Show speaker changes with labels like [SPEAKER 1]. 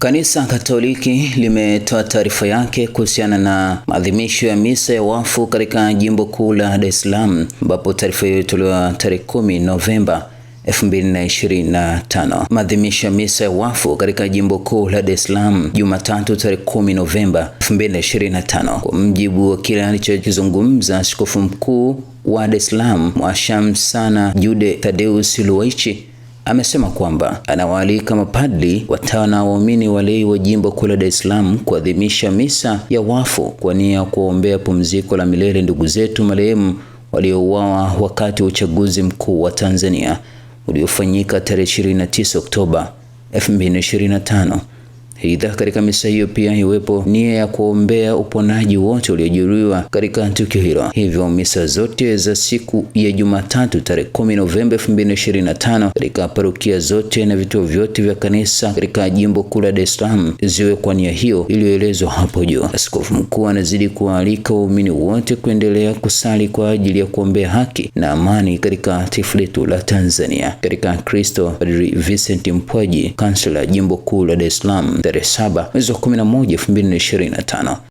[SPEAKER 1] Kanisa Katoliki limetoa taarifa yake kuhusiana na maadhimisho ya misa ya wafu katika jimbo kuu la Dar es Salaam, ambapo taarifa hiyo ilitolewa tarehe 10 Novemba 2025. Maadhimisho ya misa ya wafu katika jimbo kuu la Dar es Salaam Jumatatu tarehe 10 Novemba 2025. Kwa mjibu wa kile alichokizungumza Askofu Mkuu wa Dar es Salaam Mwashamsana Jude Thaddeus luwaichi amesema kwamba anawaalika mapadri, watawa na waumini walei wa jimbo kuu la Dar es Salaam kuadhimisha misa ya wafu kwa nia ya kuombea pumziko la milele ndugu zetu marehemu waliouawa wakati wa uchaguzi mkuu wa Tanzania uliofanyika tarehe 29 Oktoba 2025. Aidha, katika misa hiyo pia iwepo nia ya kuombea uponaji wote waliojeruhiwa katika tukio hilo. Hivyo misa zote za siku ya Jumatatu tarehe 10 Novemba 2025 katika parokia zote na vituo vyote vya kanisa katika jimbo kuu la Dar es Salaam ziwe kwa nia hiyo iliyoelezwa hapo juu. Askofu mkuu anazidi kuwaalika waumini wote kuendelea kusali kwa ajili ya kuombea haki na amani katika taifa letu la Tanzania. Katika Kristo, Padri Vincent Mpwaji, kansela jimbo kuu la Dar es Salaam tarehe 7 mwezi wa 11 2025.